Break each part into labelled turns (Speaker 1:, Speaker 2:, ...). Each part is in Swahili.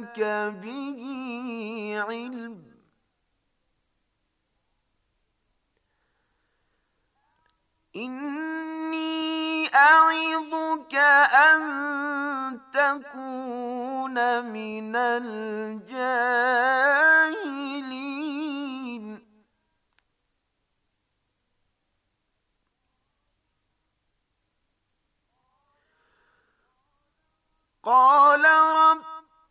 Speaker 1: لك به علم إني أعظك أن تكون من الجاهلين قال رب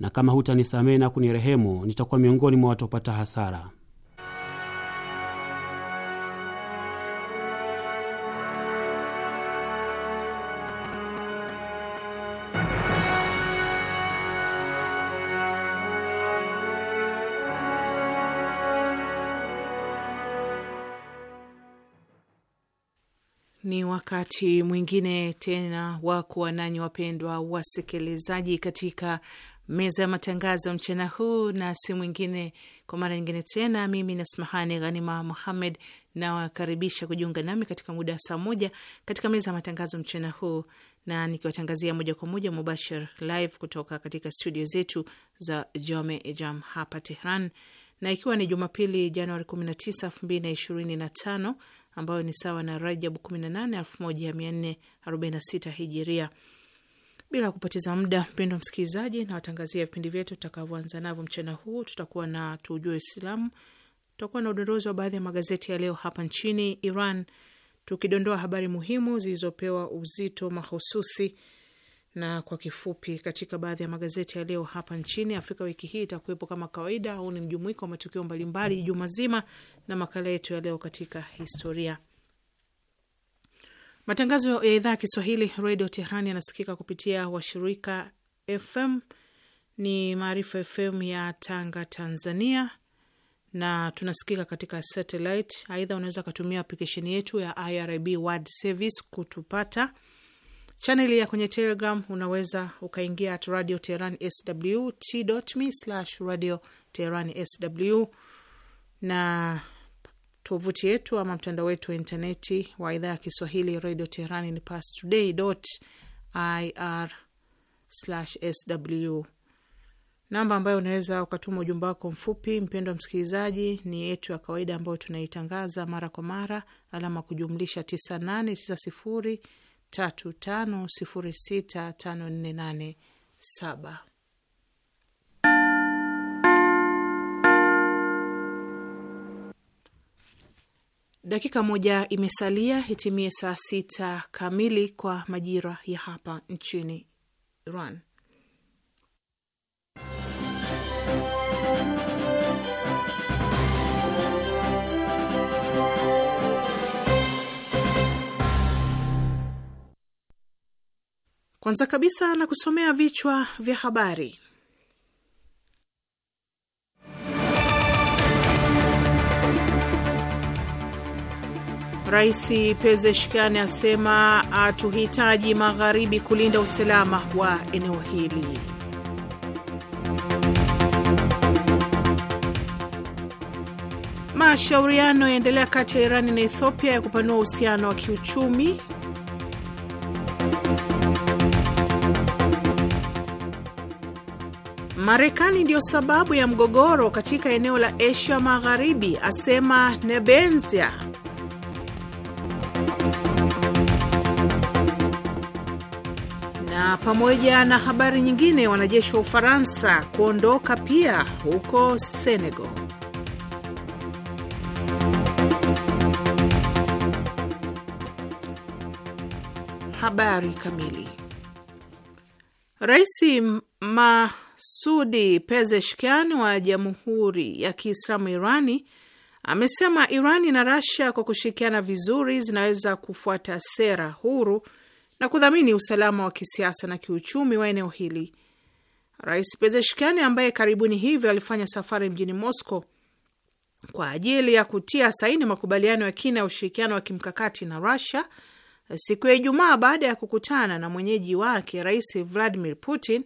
Speaker 2: na kama hutanisamehe na kunirehemu nitakuwa miongoni mwa watu wapata hasara.
Speaker 3: Ni wakati mwingine tena wa kuwa nanyi wapendwa wasikilizaji, katika meza ya matangazo mchana huu, na si mwingine kwa mara nyingine tena, mimi Nasmahani Ghanima Muhammed nawakaribisha kujiunga nami katika muda wa saa moja katika meza ya matangazo mchana huu, na nikiwatangazia moja kwa moja mubashir live kutoka katika studio zetu za Jome Jam hapa Tehran, na ikiwa ni Jumapili Januari 19, 2025 ambayo ni sawa na Rajabu 18, 1446 hijiria bila kupoteza muda, mpendwa msikilizaji, na watangazia vipindi vyetu tutakavyoanza navyo mchana huu. Tutakuwa na tujue Uislamu, tutakuwa na udondozi wa baadhi ya magazeti ya leo hapa nchini Iran, tukidondoa habari muhimu zilizopewa uzito mahususi na kwa kifupi katika baadhi ya magazeti ya leo hapa nchini Afrika. Wiki hii itakuwepo kama kawaida au ni mjumuiko wa matukio mbalimbali juma zima, na makala yetu ya leo katika historia. Matangazo ya idhaa ya Kiswahili redio Tehrani yanasikika kupitia washirika FM ni Maarifa FM ya Tanga, Tanzania, na tunasikika katika satellite. Aidha, unaweza ukatumia aplikesheni yetu ya IRIB World Service kutupata. Chaneli ya kwenye Telegram unaweza ukaingia at radio teheran sw t.me slash radio teheran sw na Tovuti yetu ama mtandao wetu wa intaneti wa idhaa ya Kiswahili radio Teherani ni pastoday.ir/sw. Namba ambayo unaweza ukatuma ujumbe wako mfupi, mpendwa msikilizaji, ni yetu ya kawaida ambayo tunaitangaza mara kwa mara, alama kujumlisha 989035065487. Dakika moja imesalia hitimie saa sita kamili kwa majira ya hapa nchini Iran. Kwanza kabisa na kusomea vichwa vya habari. Rais Pezeshkani asema atuhitaji magharibi kulinda usalama wa eneo hili. Mashauriano yaendelea kati ya Irani na Ethiopia ya kupanua uhusiano wa kiuchumi. Marekani ndiyo sababu ya mgogoro katika eneo la Asia Magharibi, asema Nebenzia. pamoja na habari nyingine, wanajeshi wa Ufaransa kuondoka pia huko Senegal. Habari kamili. Rais Masudi Pezeshkian wa Jamhuri ya Kiislamu Irani amesema Irani na Rasia kwa kushirikiana vizuri zinaweza kufuata sera huru na kudhamini usalama wa kisiasa na kiuchumi wa eneo hili. Rais Pezeshkiani ambaye karibuni hivyo alifanya safari mjini Moscow kwa ajili ya kutia saini makubaliano ya kina ya ushirikiano wa kimkakati na rusia siku ya Ijumaa, baada ya kukutana na mwenyeji wake Rais Vladimir Putin,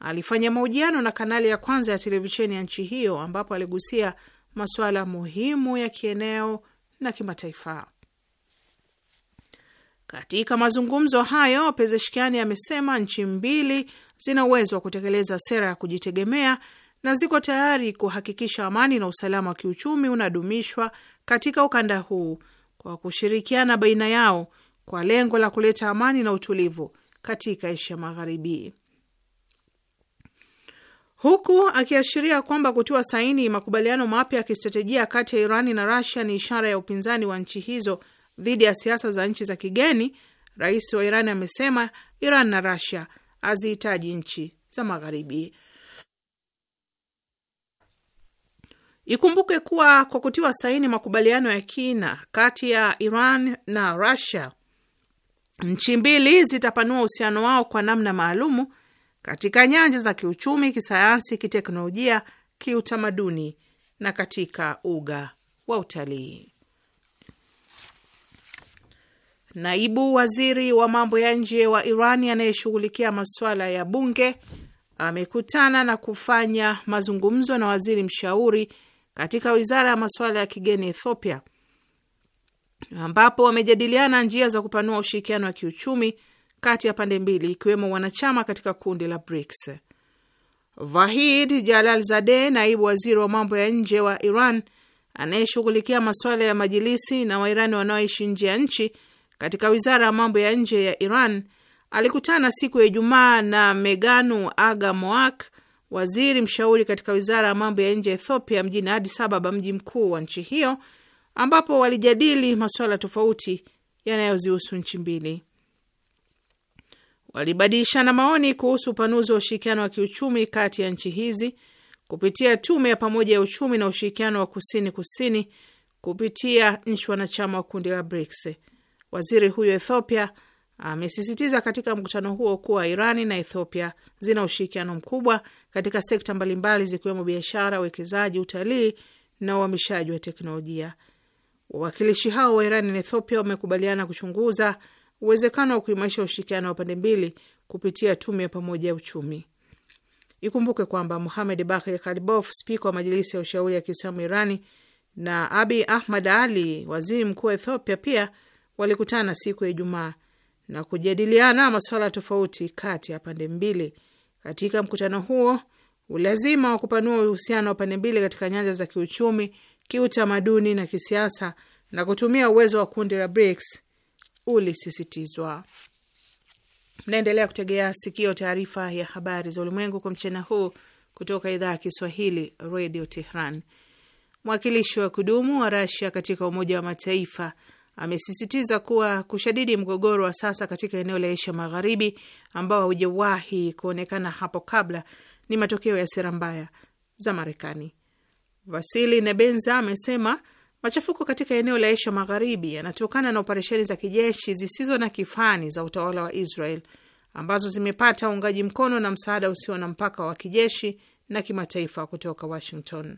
Speaker 3: alifanya mahojiano na kanali ya kwanza ya televisheni ya nchi hiyo ambapo aligusia masuala muhimu ya kieneo na kimataifa. Katika mazungumzo hayo, Pezeshkiani amesema nchi mbili zina uwezo wa kutekeleza sera ya kujitegemea na ziko tayari kuhakikisha amani na usalama wa kiuchumi unadumishwa katika ukanda huu kwa kushirikiana baina yao kwa lengo la kuleta amani na utulivu katika Asia Magharibi, huku akiashiria kwamba kutiwa saini makubaliano mapya ya kistratejia kati ya Irani na Rasia ni ishara ya upinzani wa nchi hizo dhidi ya siasa za nchi za kigeni, rais wa Iran amesema Iran na Rasia hazihitaji nchi za Magharibi. Ikumbuke kuwa kwa kutiwa saini makubaliano ya kina kati ya Iran na Rasia, nchi mbili zitapanua uhusiano wao kwa namna maalumu katika nyanja za kiuchumi, kisayansi, kiteknolojia, kiutamaduni na katika uga wa utalii naibu waziri wa mambo ya nje wa iran anayeshughulikia masuala ya bunge amekutana na kufanya mazungumzo na waziri mshauri katika wizara ya masuala ya kigeni Ethiopia, ambapo wamejadiliana njia za kupanua ushirikiano wa kiuchumi kati ya pande mbili, ikiwemo wanachama katika kundi la BRICS. Vahid jalal zade naibu waziri wa mambo ya nje wa Iran anayeshughulikia masuala ya majilisi na Wairani wanaoishi nje ya nchi katika wizara ya mambo ya nje ya Iran alikutana siku ya Ijumaa na Meganu Aga Moak, waziri mshauri katika wizara ya mambo ya nje ya Ethiopia mjini Addis Ababa, mji mkuu wa nchi hiyo, ambapo walijadili masuala tofauti yanayozihusu nchi mbili. Walibadilishana maoni kuhusu upanuzi wa ushirikiano wa kiuchumi kati ya nchi hizi kupitia tume ya pamoja ya uchumi na ushirikiano wa kusini kusini kupitia nchi wanachama wa kundi la BRICS. Waziri huyo Ethiopia amesisitiza katika mkutano huo kuwa Irani na Ethiopia zina ushirikiano mkubwa katika sekta mbalimbali zikiwemo biashara, uwekezaji, utalii na uhamishaji wa teknolojia. Wawakilishi hao wa Irani na Ethiopia wamekubaliana kuchunguza uwezekano wa kuimarisha ushirikiano wa pande mbili kupitia tume ya pamoja ya uchumi. Ikumbuke kwamba muhamed Bakhir Kalibof, spika wa Majilisi ya Ushauri ya Kiislamu Irani, na Abi Ahmad Ali, waziri mkuu wa Ethiopia, pia walikutana siku ya Ijumaa na kujadiliana masuala tofauti kati ya pande mbili. Katika mkutano huo, ulazima wa kupanua uhusiano wa pande mbili katika nyanja za kiuchumi, kiutamaduni na kisiasa na kutumia uwezo wa kundi la BRICS ulisisitizwa. Mnaendelea kutegea sikio taarifa ya habari za ulimwengu kwa mchana huu kutoka idhaa ya Kiswahili, Radio Tehran. Mwakilishi wa kudumu wa Rasia katika Umoja wa Mataifa amesisitiza kuwa kushadidi mgogoro wa sasa katika eneo la Asia Magharibi, ambao haujawahi kuonekana hapo kabla, ni matokeo ya sera mbaya za Marekani. Vasili Nebenza amesema machafuko katika eneo la Asia Magharibi yanatokana na operesheni za kijeshi zisizo na kifani za utawala wa Israel ambazo zimepata uungaji mkono na msaada usio na mpaka wa kijeshi na kimataifa kutoka Washington.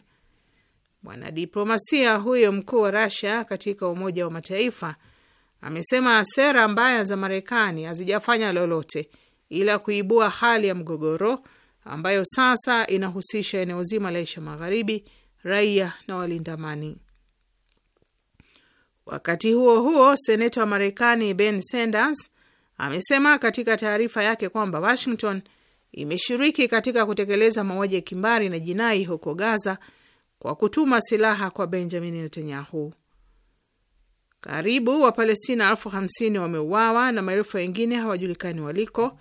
Speaker 3: Mwanadiplomasia huyo mkuu wa Rasia katika Umoja wa Mataifa amesema sera mbaya za Marekani hazijafanya lolote ila kuibua hali ya mgogoro ambayo sasa inahusisha eneo zima la Asia Magharibi, raia na walinda amani. Wakati huo huo, seneta wa Marekani Ben Sanders amesema katika taarifa yake kwamba Washington imeshiriki katika kutekeleza mauaji ya kimbari na jinai huko Gaza kwa kutuma silaha kwa Benjamin Netanyahu. Karibu Wapalestina elfu hamsini wameuawa na maelfu wengine hawajulikani waliko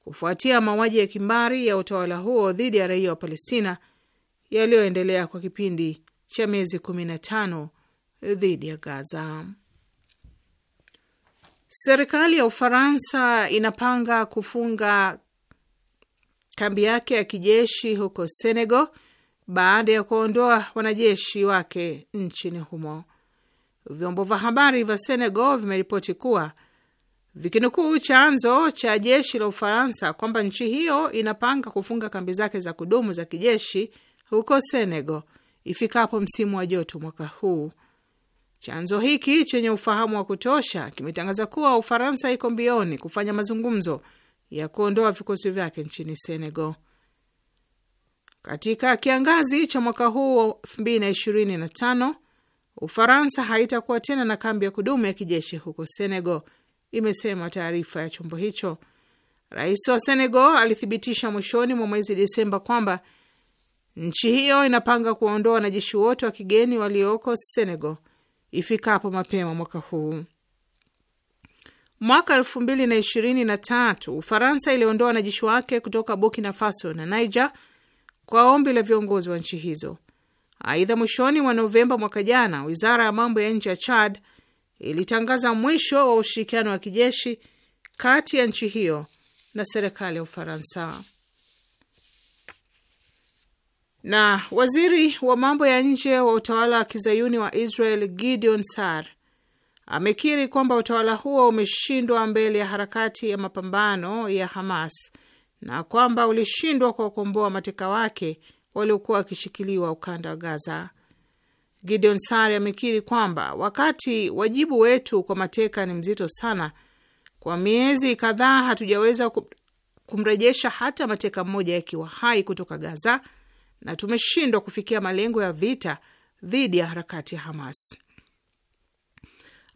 Speaker 3: kufuatia mauaji ya kimbari ya utawala huo dhidi ya raia wa Palestina yaliyoendelea kwa kipindi cha miezi 15 dhidi ya Gaza. Serikali ya Ufaransa inapanga kufunga kambi yake ya kijeshi huko Senegal baada ya kuondoa wanajeshi wake nchini humo. Vyombo vya habari vya Senegal vimeripoti kuwa vikinukuu chanzo cha jeshi la Ufaransa kwamba nchi hiyo inapanga kufunga kambi zake za kudumu za kijeshi huko Senegal ifikapo msimu wa joto mwaka huu. Chanzo hiki chenye ufahamu wa kutosha kimetangaza kuwa Ufaransa iko mbioni kufanya mazungumzo ya kuondoa vikosi vyake nchini Senegal. Katika kiangazi cha mwaka huu 2025 Ufaransa haitakuwa tena na kambi ya kudumu ya kijeshi huko Senegal, imesema taarifa ya chombo hicho. Rais wa Senegal alithibitisha mwishoni mwa mwezi Desemba kwamba nchi hiyo inapanga kuwaondoa wanajeshi wote wa kigeni walioko Senegal ifikapo mapema mwaka huu. Mwaka elfu mbili na ishirini na tatu Ufaransa iliondoa wanajeshi wake kutoka Burkina Faso na Niger kwa ombi la viongozi wa nchi hizo. Aidha, mwishoni mwa Novemba mwaka jana, wizara ya mambo ya nje ya Chad ilitangaza mwisho wa ushirikiano wa kijeshi kati ya nchi hiyo na serikali ya Ufaransa. Na waziri wa mambo ya nje wa utawala wa kizayuni wa Israel Gideon Sar amekiri kwamba utawala huo umeshindwa mbele ya harakati ya mapambano ya Hamas na kwamba ulishindwa kuwakomboa mateka wake waliokuwa wakishikiliwa ukanda wa Gaza. Gideon sari amekiri kwamba wakati wajibu wetu kwa mateka ni mzito sana, kwa miezi kadhaa hatujaweza kumrejesha hata mateka mmoja akiwa hai kutoka Gaza, na tumeshindwa kufikia malengo ya vita dhidi ya harakati ya Hamas.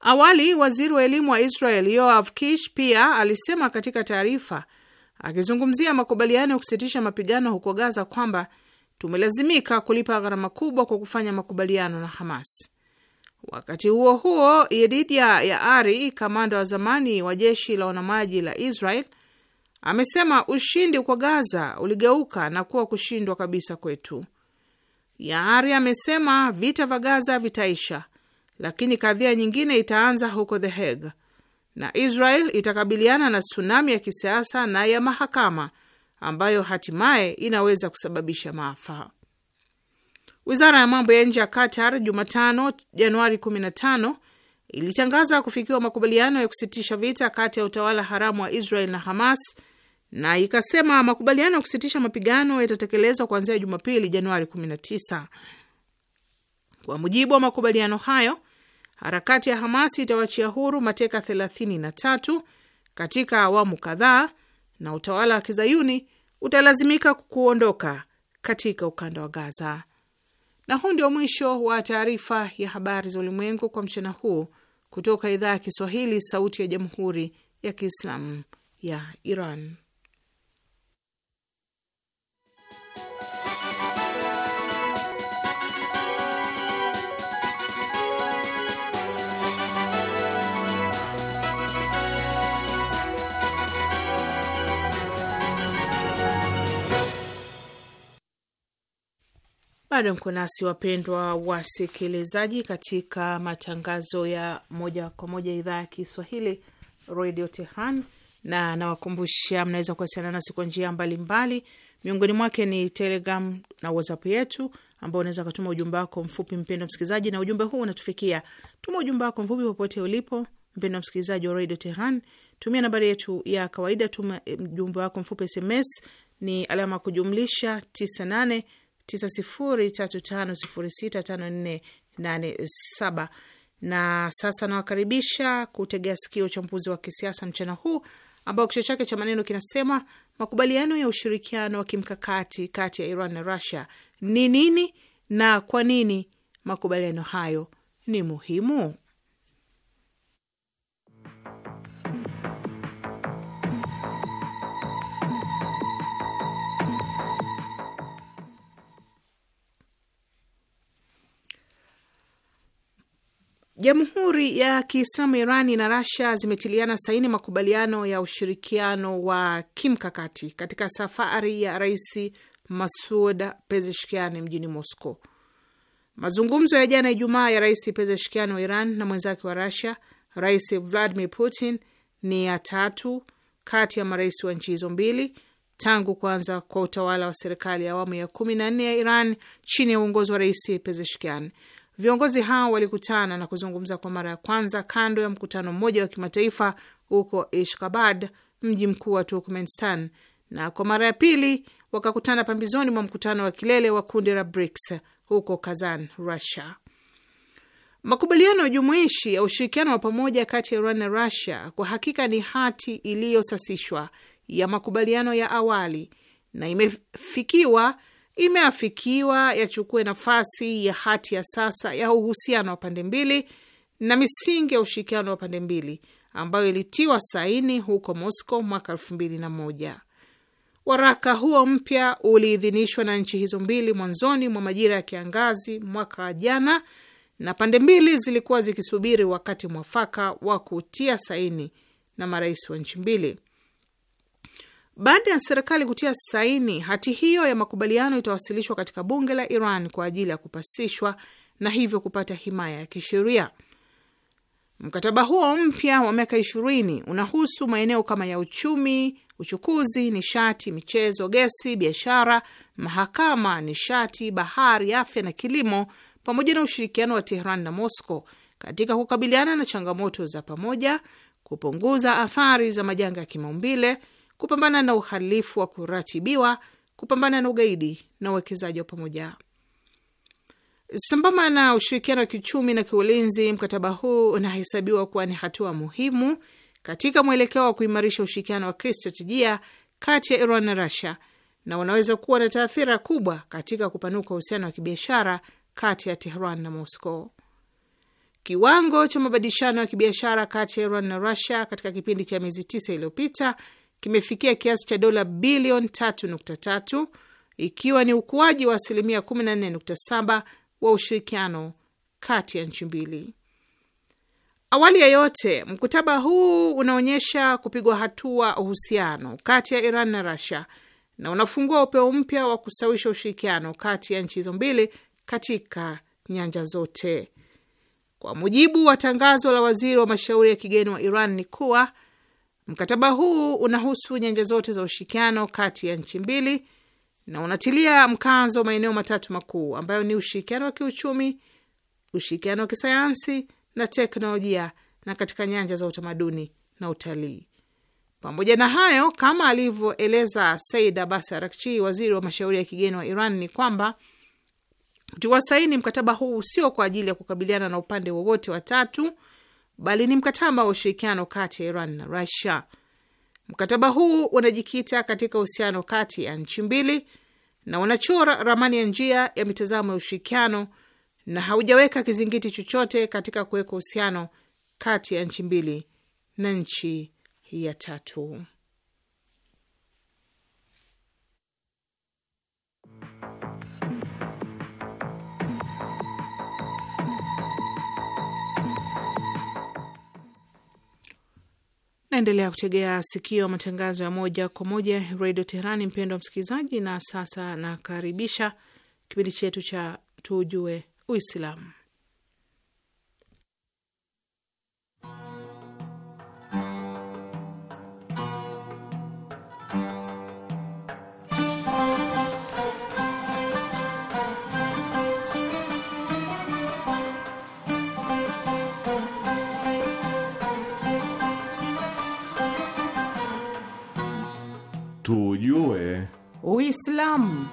Speaker 3: Awali waziri wa elimu wa Israel Yoav Kish pia alisema katika taarifa akizungumzia makubaliano ya kusitisha mapigano huko Gaza kwamba tumelazimika kulipa gharama kubwa kwa kufanya makubaliano na Hamas. Wakati huo huo, Yedidia Yaari, kamanda wa zamani wa jeshi la wanamaji la Israel, amesema ushindi kwa Gaza uligeuka na kuwa kushindwa kabisa kwetu. Yaari amesema vita vya Gaza vitaisha, lakini kadhia nyingine itaanza huko The Hague na Israel itakabiliana na tsunami ya kisiasa na ya mahakama ambayo hatimaye inaweza kusababisha maafa. Wizara ya mambo ya nje ya Qatar Jumatano, Januari 15 ilitangaza kufikiwa makubaliano ya kusitisha vita kati ya utawala haramu wa Israel na Hamas na ikasema makubaliano ya kusitisha mapigano yatatekelezwa kuanzia Jumapili, Januari 19. Kwa mujibu wa makubaliano hayo, harakati ya Hamasi itawachia huru mateka 33 katika awamu kadhaa, na utawala wa kizayuni utalazimika kuondoka katika ukanda wa Gaza. Na huu ndio mwisho wa taarifa ya habari za ulimwengu kwa mchana huu kutoka idhaa ya Kiswahili, Sauti ya Jamhuri ya Kiislamu ya Iran. Bado mko nasi wapendwa wasikilizaji, katika matangazo ya moja kwa moja idhaa ya Kiswahili Radio Tehran, na nawakumbusha mnaweza kuwasiliana nasi kwa njia mbalimbali, miongoni mwake ni Telegram na WhatsApp yetu, ambao unaweza ukatuma ujumbe wako mfupi, mpendwa msikilizaji, na ujumbe huu unatufikia. Tuma ujumbe wako mfupi popote ulipo, mpendwa msikilizaji wa redio Tehran, tumia nambari yetu ya kawaida. Tuma ujumbe wako mfupi SMS ni alama kujumlisha tisa nane 9035065487. Na sasa nawakaribisha kutegea sikio uchambuzi wa kisiasa mchana huu ambao kichwa chake cha maneno kinasema makubaliano ya ushirikiano wa kimkakati kati ya Iran na Russia ni nini na kwa nini makubaliano hayo ni muhimu. Jamhuri ya Kiislamu Irani na Rasia zimetiliana saini makubaliano ya ushirikiano wa kimkakati katika safari ya Rais Masud Pezeshkian mjini Moscow. Mazungumzo ya jana Ijumaa ya Rais Pezeshkian wa Iran na mwenzake wa Rasia, Rais Vladimir Putin, ni ya tatu kati ya marais wa nchi hizo mbili tangu kuanza kwa utawala wa serikali ya awamu ya kumi na nne ya Iran chini ya uongozi wa Rais Pezeshkian. Viongozi hao walikutana na kuzungumza kwa mara ya kwanza kando ya mkutano mmoja wa kimataifa huko ishkabad mji mkuu wa Turkmenistan, na kwa mara ya pili wakakutana pambizoni mwa mkutano wa kilele wa kundi la BRICS huko Kazan, Russia. Makubaliano ya jumuishi ya ushirikiano wa pamoja kati ya Iran na Russia kwa hakika ni hati iliyosasishwa ya makubaliano ya awali na imefikiwa imeafikiwa yachukue nafasi ya hati ya sasa ya uhusiano wa pande mbili na misingi ya ushirikiano wa pande mbili ambayo ilitiwa saini huko Moscow mwaka elfu mbili na moja. Waraka huo mpya uliidhinishwa na nchi hizo mbili mwanzoni mwa majira ya kiangazi mwaka jana, na pande mbili zilikuwa zikisubiri wakati mwafaka wa kutia saini na marais wa nchi mbili. Baada ya serikali kutia saini, hati hiyo ya makubaliano itawasilishwa katika bunge la Iran kwa ajili ya kupasishwa na hivyo kupata himaya ya kisheria. Mkataba huo mpya wa miaka ishirini unahusu maeneo kama ya uchumi, uchukuzi, nishati, michezo, gesi, biashara, mahakama, nishati, bahari, afya na kilimo, pamoja na ushirikiano wa Tehran na Moscow katika kukabiliana na changamoto za pamoja, kupunguza athari za majanga ya kimaumbile kupambana na uhalifu wa kuratibiwa, kupambana na ugaidi na uwekezaji wa pamoja. Sambamba na ushirikiano wa kiuchumi na kiulinzi, mkataba huu unahesabiwa kuwa ni hatua muhimu katika mwelekeo wa kuimarisha ushirikiano wa kistratejia kati ya Iran na Russia na unaweza kuwa na taathira kubwa katika kupanuka uhusiano wa kibiashara kati ya Tehran na Moscow. Kiwango cha mabadilishano ya kibiashara kati ya Iran na Russia katika kipindi cha miezi tisa iliyopita kimefikia kiasi cha dola bilioni 3.3 ikiwa ni ukuaji wa asilimia 14.7 wa ushirikiano kati ya nchi mbili. Awali ya yote, mkataba huu unaonyesha kupigwa hatua uhusiano kati ya Iran na Russia na unafungua upeo mpya wa kustawisha ushirikiano kati ya nchi hizo mbili katika nyanja zote. Kwa mujibu wa tangazo la waziri wa mashauri ya kigeni wa Iran ni kuwa Mkataba huu unahusu nyanja zote za ushirikiano kati ya nchi mbili na unatilia mkazo maeneo matatu makuu ambayo ni ushirikiano wa kiuchumi, ushirikiano wa kisayansi na teknolojia, na katika nyanja za utamaduni na utalii. Pamoja na hayo, kama alivyoeleza Said Abbas Arakchi, waziri wa mashauri ya kigeni wa Iran, ni kwamba kutiwa saini mkataba huu sio kwa ajili ya kukabiliana na upande wowote wa tatu, bali ni mkataba wa ushirikiano kati ya Iran na Rusia. Mkataba huu unajikita katika uhusiano kati ya nchi mbili na unachora ramani ya njia ya mitazamo ya ushirikiano na haujaweka kizingiti chochote katika kuweka uhusiano kati ya nchi mbili na nchi ya tatu. Naendelea kutegea sikio matangazo ya moja kwa moja redio Teherani, mpendo wa msikilizaji. Na sasa nakaribisha kipindi chetu cha tujue Uislamu.
Speaker 4: ujue
Speaker 3: Uislamu.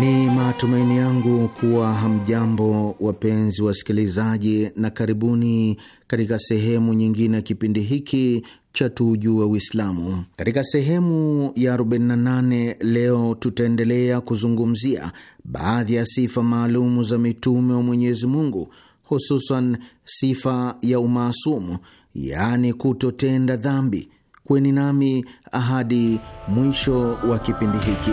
Speaker 5: Ni matumaini yangu kuwa hamjambo, wapenzi wasikilizaji, na karibuni katika sehemu nyingine ya kipindi hiki cha tuujue Uislamu. Katika sehemu ya 48 leo tutaendelea kuzungumzia baadhi ya sifa maalumu za mitume wa Mwenyezi Mungu, hususan sifa ya umaasumu yaani kutotenda dhambi. Kweni nami ahadi mwisho wa kipindi hiki.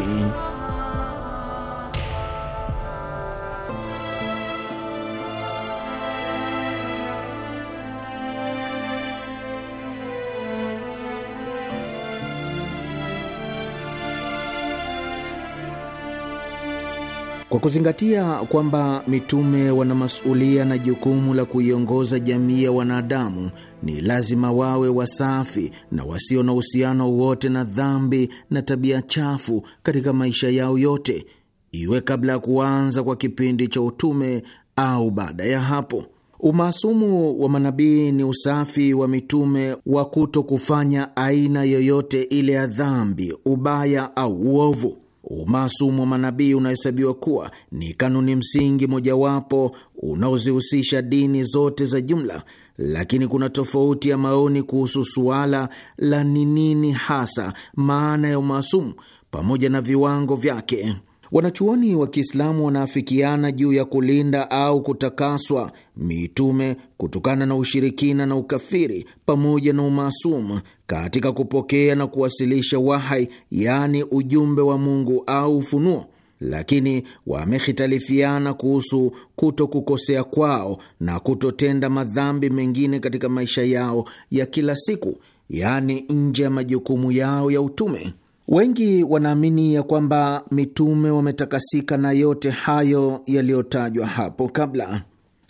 Speaker 5: Kwa kuzingatia kwamba mitume wana masulia na jukumu la kuiongoza jamii ya wanadamu, ni lazima wawe wasafi na wasio na uhusiano wote na dhambi na tabia chafu katika maisha yao yote, iwe kabla ya kuanza kwa kipindi cha utume au baada ya hapo. Umaasumu wa manabii ni usafi wa mitume wa kuto kufanya aina yoyote ile ya dhambi, ubaya au uovu. Umaasumu wa manabii unahesabiwa kuwa ni kanuni msingi mojawapo unaozihusisha dini zote za jumla, lakini kuna tofauti ya maoni kuhusu suala la ni nini hasa maana ya umaasumu pamoja na viwango vyake. Wanachuoni wa Kiislamu wanaafikiana juu ya kulinda au kutakaswa mitume kutokana na ushirikina na ukafiri pamoja na umaasumu, katika kupokea na kuwasilisha wahai, yaani ujumbe wa Mungu au ufunuo, lakini wamehitalifiana kuhusu kuto kukosea kwao na kutotenda madhambi mengine katika maisha yao ya kila siku, yaani nje ya majukumu yao ya utume. Wengi wanaamini ya kwamba mitume wametakasika na yote hayo yaliyotajwa hapo kabla.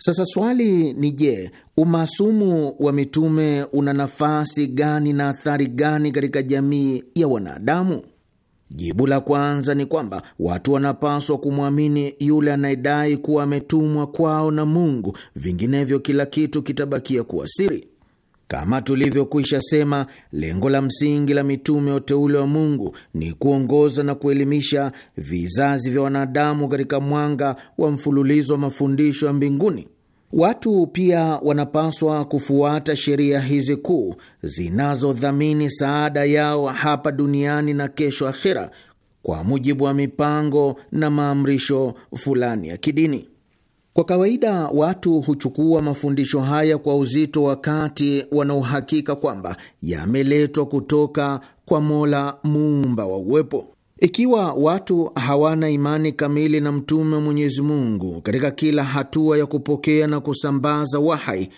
Speaker 5: Sasa swali ni je, umaasumu wa mitume una nafasi gani na athari gani katika jamii ya wanadamu? Jibu la kwanza ni kwamba watu wanapaswa kumwamini yule anayedai kuwa ametumwa kwao na Mungu, vinginevyo kila kitu kitabakia kuwa siri. Kama tulivyokwisha sema, lengo la msingi la mitume uteule wa Mungu ni kuongoza na kuelimisha vizazi vya wanadamu katika mwanga wa mfululizo wa mafundisho ya mbinguni. Watu pia wanapaswa kufuata sheria hizi kuu zinazodhamini saada yao hapa duniani na kesho akhera, kwa mujibu wa mipango na maamrisho fulani ya kidini. Kwa kawaida watu huchukua mafundisho haya kwa uzito wakati wanaohakika kwamba yameletwa kutoka kwa Mola muumba wa uwepo. Ikiwa watu hawana imani kamili na mtume wa Mwenyezi Mungu katika kila hatua ya kupokea na kusambaza wahai,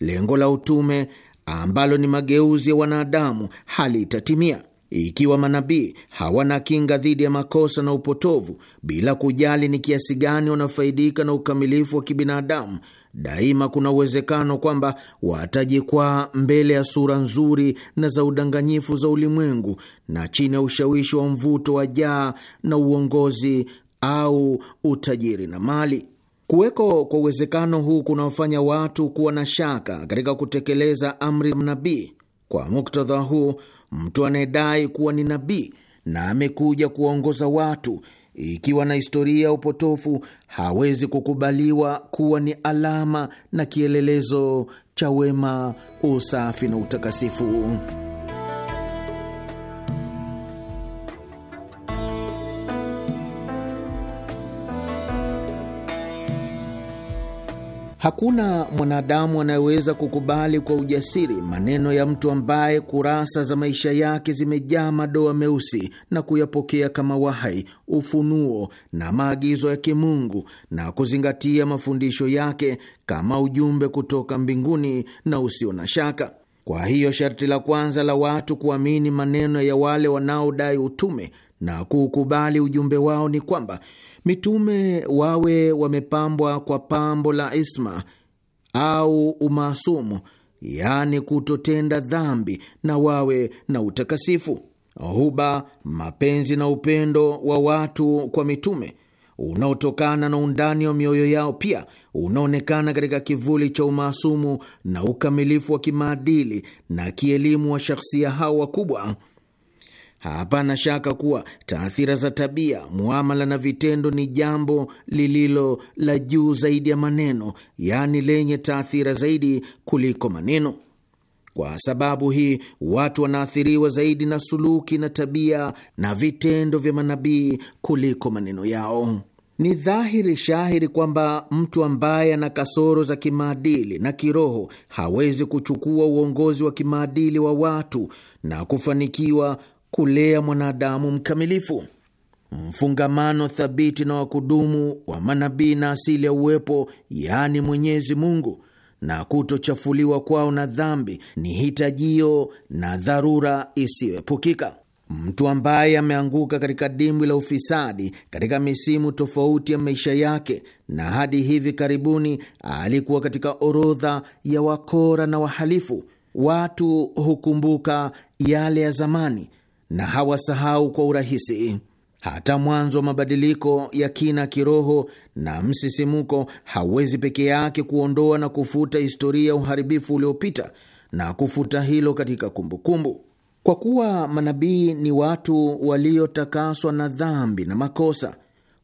Speaker 5: lengo la utume ambalo ni mageuzi ya wanadamu halitatimia. Ikiwa manabii hawana kinga dhidi ya makosa na upotovu, bila kujali ni kiasi gani wanafaidika na ukamilifu wa kibinadamu Daima kuna uwezekano kwamba watajikwaa mbele ya sura nzuri na za udanganyifu za ulimwengu na chini ya ushawishi wa mvuto wa jaa na uongozi au utajiri na mali. Kuweko kwa uwezekano huu kunaofanya watu kuwa na shaka katika kutekeleza amri nabii. Kwa muktadha huu, mtu anayedai kuwa ni nabii na amekuja kuwaongoza watu ikiwa na historia ya upotofu, hawezi kukubaliwa kuwa ni alama na kielelezo cha wema, usafi na utakasifu. Hakuna mwanadamu anayeweza kukubali kwa ujasiri maneno ya mtu ambaye kurasa za maisha yake zimejaa madoa meusi na kuyapokea kama wahai, ufunuo na maagizo ya kimungu na kuzingatia mafundisho yake kama ujumbe kutoka mbinguni na usio na shaka. Kwa hiyo sharti la kwanza la watu kuamini maneno ya wale wanaodai utume na kuukubali ujumbe wao ni kwamba mitume wawe wamepambwa kwa pambo la isma au umaasumu, yaani kutotenda dhambi, na wawe na utakasifu, huba, mapenzi na upendo wa watu kwa mitume unaotokana na undani wa mioyo yao, pia unaonekana katika kivuli cha umaasumu na ukamilifu wa kimaadili na kielimu wa shakhsia hao wakubwa. Hapana shaka kuwa taathira za tabia, muamala na vitendo ni jambo lililo la juu zaidi ya maneno, yaani lenye taathira zaidi kuliko maneno. Kwa sababu hii, watu wanaathiriwa zaidi na suluki na tabia na vitendo vya manabii kuliko maneno yao. Ni dhahiri shahiri kwamba mtu ambaye ana kasoro za kimaadili na kiroho hawezi kuchukua uongozi wa kimaadili wa watu na kufanikiwa kulea mwanadamu mkamilifu. Mfungamano thabiti na wakudumu wa manabii na asili ya uwepo, yaani Mwenyezi Mungu, na kutochafuliwa kwao na dhambi ni hitajio na dharura isiyoepukika. Mtu ambaye ameanguka katika dimbwi la ufisadi katika misimu tofauti ya maisha yake na hadi hivi karibuni alikuwa katika orodha ya wakora na wahalifu, watu hukumbuka yale ya zamani na hawasahau kwa urahisi. Hata mwanzo wa mabadiliko ya kina kiroho na msisimuko hawezi peke yake kuondoa na kufuta historia ya uharibifu uliopita na kufuta hilo katika kumbukumbu kumbu. Kwa kuwa manabii ni watu waliotakaswa na dhambi na makosa,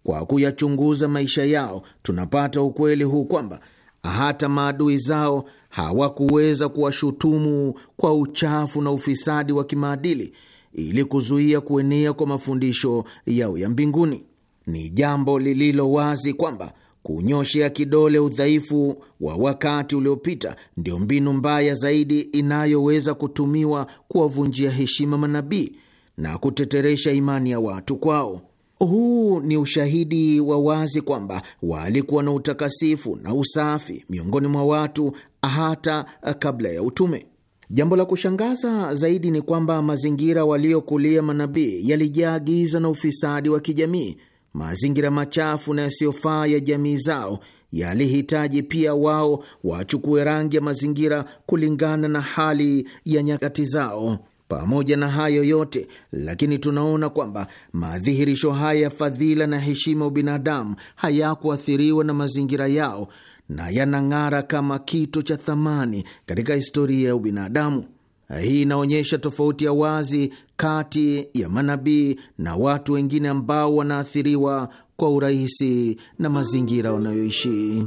Speaker 5: kwa kuyachunguza maisha yao tunapata ukweli huu kwamba hata maadui zao hawakuweza kuwashutumu kwa uchafu na ufisadi wa kimaadili ili kuzuia kuenea kwa mafundisho yao ya mbinguni. Ni jambo lililo wazi kwamba kunyoshea kidole udhaifu wa wakati uliopita ndio mbinu mbaya zaidi inayoweza kutumiwa kuwavunjia heshima manabii na kuteteresha imani ya watu kwao. Huu ni ushahidi wa wazi kwamba walikuwa na utakasifu na usafi miongoni mwa watu hata kabla ya utume. Jambo la kushangaza zaidi ni kwamba mazingira waliokulia manabii yalijaa giza na ufisadi wa kijamii. Mazingira machafu na yasiyofaa ya jamii zao yalihitaji pia wao wachukue rangi ya mazingira kulingana na hali ya nyakati zao. Pamoja na hayo yote lakini, tunaona kwamba madhihirisho haya ya fadhila na heshima ubinadamu hayakuathiriwa na mazingira yao, na yanang'ara kama kito cha thamani katika historia ya ubinadamu. Hii inaonyesha tofauti ya wazi kati ya manabii na watu wengine ambao wanaathiriwa kwa urahisi na mazingira wanayoishi.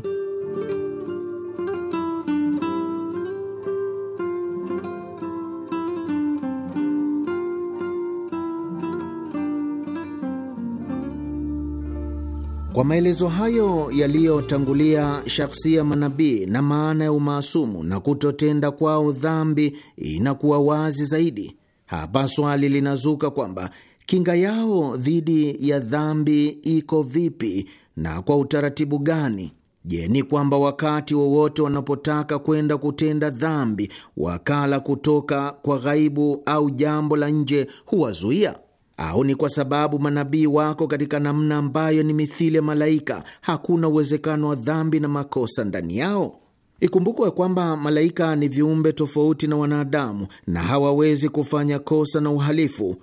Speaker 5: Kwa maelezo hayo yaliyotangulia shakhsia manabii na maana ya umaasumu na kutotenda kwao dhambi inakuwa wazi zaidi. Hapa swali linazuka kwamba kinga yao dhidi ya dhambi iko vipi na kwa utaratibu gani? Je, ni kwamba wakati wowote wanapotaka kwenda kutenda dhambi wakala kutoka kwa ghaibu au jambo la nje huwazuia? au ni kwa sababu manabii wako katika namna ambayo ni mithili ya malaika, hakuna uwezekano wa dhambi na makosa ndani yao? Ikumbukwe kwamba malaika ni viumbe tofauti na wanadamu na hawawezi kufanya kosa na uhalifu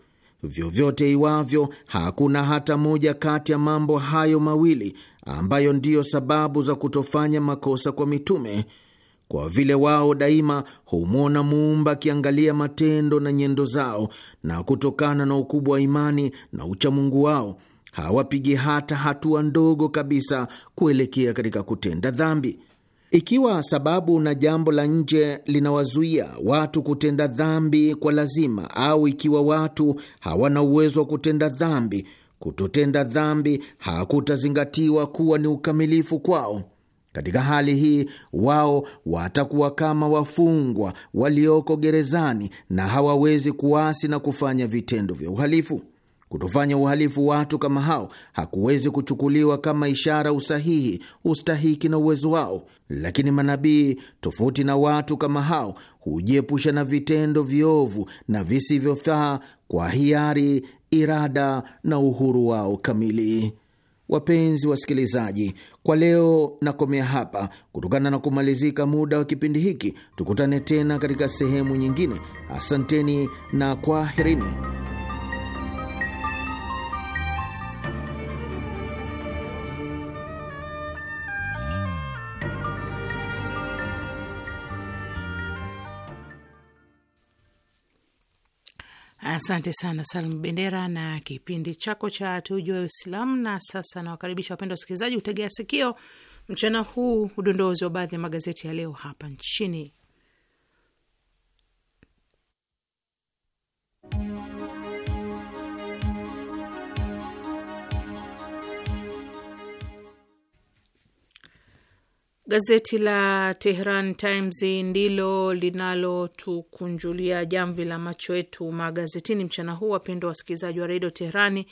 Speaker 5: vyovyote iwavyo. Hakuna hata moja kati ya mambo hayo mawili ambayo ndiyo sababu za kutofanya makosa kwa mitume kwa vile wao daima humwona muumba akiangalia matendo na nyendo zao, na kutokana na ukubwa wa imani na uchamungu wao hawapigi hata hatua ndogo kabisa kuelekea katika kutenda dhambi. Ikiwa sababu na jambo la nje linawazuia watu kutenda dhambi kwa lazima, au ikiwa watu hawana uwezo wa kutenda dhambi, kutotenda dhambi hakutazingatiwa kuwa ni ukamilifu kwao. Katika hali hii wao watakuwa kama wafungwa walioko gerezani na hawawezi kuasi na kufanya vitendo vya uhalifu. Kutofanya uhalifu watu kama hao hakuwezi kuchukuliwa kama ishara usahihi, ustahiki na uwezo wao, lakini manabii, tofauti na watu kama hao, hujiepusha na vitendo viovu na visivyofaa kwa hiari, irada na uhuru wao kamili. Wapenzi wasikilizaji, kwa leo nakomea hapa kutokana na kumalizika muda wa kipindi hiki. Tukutane tena katika sehemu nyingine. Asanteni na kwaherini.
Speaker 3: Asante sana Salmu Bendera na kipindi chako cha tujue Uislamu. Na sasa nawakaribisha wapenda wasikilizaji kutegea sikio mchana huu udondozi wa baadhi ya magazeti ya leo hapa nchini. Gazeti la Tehran Times ndilo linalotukunjulia jamvi la macho yetu magazetini mchana huu, wapendwa wasikilizaji wa redio Teherani,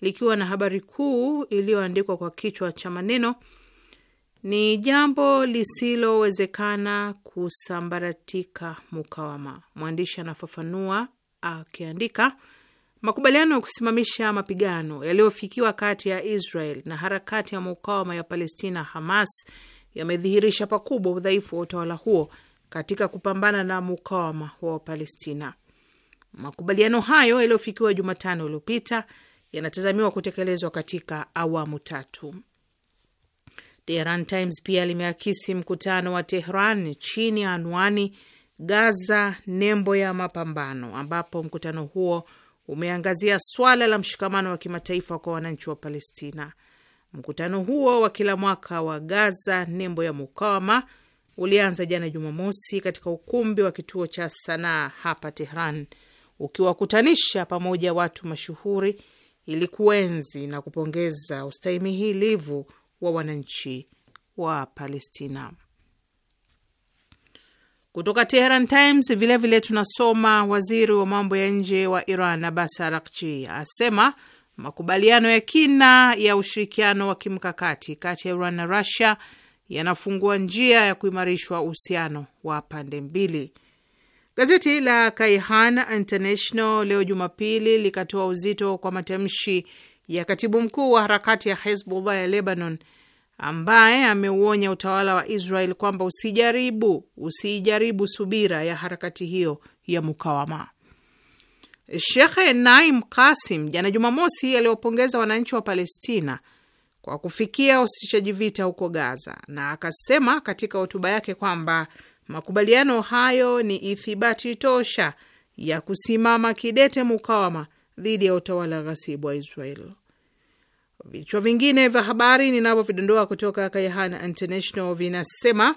Speaker 3: likiwa na habari kuu iliyoandikwa kwa kichwa cha maneno ni jambo lisilowezekana kusambaratika mukawama. Mwandishi anafafanua akiandika, makubaliano ya kusimamisha mapigano yaliyofikiwa kati ya Israel na harakati ya mukawama ya Palestina, Hamas yamedhihirisha pakubwa udhaifu wa utawala huo katika kupambana na mukawama wa Wapalestina. Makubaliano hayo yaliyofikiwa Jumatano iliyopita yanatazamiwa kutekelezwa katika awamu tatu. Tehran Times pia limeakisi mkutano wa Tehran chini ya anwani Gaza, nembo ya mapambano, ambapo mkutano huo umeangazia swala la mshikamano wa kimataifa kwa wananchi wa Palestina. Mkutano huo wa kila mwaka wa Gaza nembo ya mukawama ulianza jana Jumamosi katika ukumbi wa kituo cha sanaa hapa Tehran, ukiwakutanisha pamoja watu mashuhuri ili kuenzi na kupongeza ustahimilivu wa wananchi wa Palestina. Kutoka Teheran Times vilevile tunasoma waziri wa mambo ya nje wa Iran Abbas Araghchi asema Makubaliano ya kina ya ushirikiano wa kimkakati kati ya Iran na Russia yanafungua njia ya kuimarishwa uhusiano wa pande mbili. Gazeti la Kaihan International leo Jumapili likatoa uzito kwa matamshi ya katibu mkuu wa harakati ya Hezbollah ya Lebanon ambaye ameuonya utawala wa Israel kwamba usijaribu usijaribu subira ya harakati hiyo ya mukawama. Shekhe Naim Kasim jana Jumamosi aliwapongeza wananchi wa Palestina kwa kufikia usitishaji vita huko Gaza, na akasema katika hotuba yake kwamba makubaliano hayo ni ithibati tosha ya kusimama kidete mukawama dhidi ya utawala ghasibu wa Israel. Vichwa vingine vya habari ninavyovidondoa kutoka Kayahan International vinasema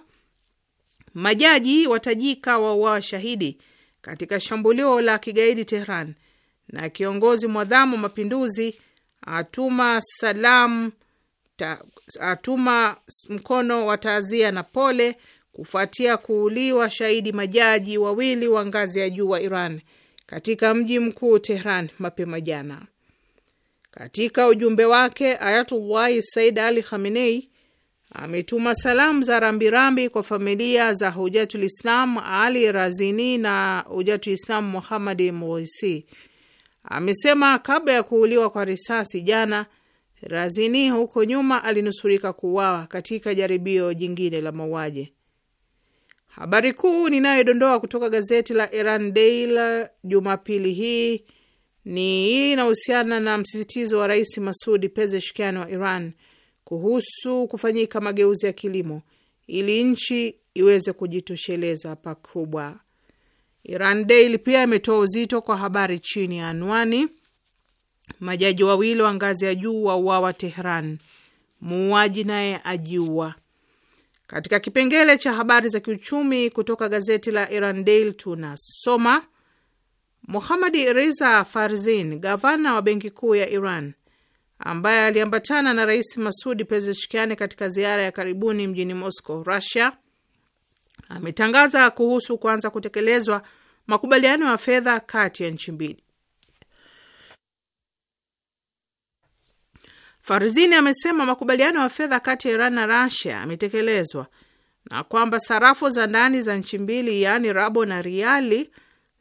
Speaker 3: majaji watajika wa uawa shahidi katika shambulio la kigaidi Tehran na kiongozi mwadhamu wa mapinduzi atuma salamu ta, atuma mkono wa taazia na pole kufuatia kuuliwa shahidi majaji wawili wa ngazi ya juu wa Iran katika mji mkuu Tehran mapema jana. Katika ujumbe wake Ayatullahi Said Ali Khamenei ametuma salamu za rambirambi kwa familia za Hujatul Islam Ali Razini na Hujatul Islam Muhamadi Moisi. Amesema kabla ya kuuliwa kwa risasi jana, Razini huko nyuma alinusurika kuuawa katika jaribio jingine la mauaji. Habari kuu ninayodondoa kutoka gazeti la Iran Daily Jumapili hii ni hii inahusiana na msisitizo wa Rais Masudi Pezeshkian wa Iran kuhusu kufanyika mageuzi ya kilimo ili nchi iweze kujitosheleza pakubwa. Iran Daily pia imetoa uzito kwa habari chini ya anwani, majaji wawili wa ngazi ya juu wauawa Tehran, muuaji naye ajiua. Katika kipengele cha habari za kiuchumi kutoka gazeti la Iran Daily tunasoma Muhamadi Riza Farzin, gavana wa benki kuu ya Iran, ambaye aliambatana na Rais Masudi pezeshkiani katika ziara ya karibuni mjini Moscow, Russia, ametangaza kuhusu kuanza kutekelezwa makubaliano ya fedha kati ya nchi mbili. Farzini amesema makubaliano ya fedha kati ya Iran na Russia yametekelezwa na kwamba sarafu za ndani za nchi mbili, yaani rabo na riali,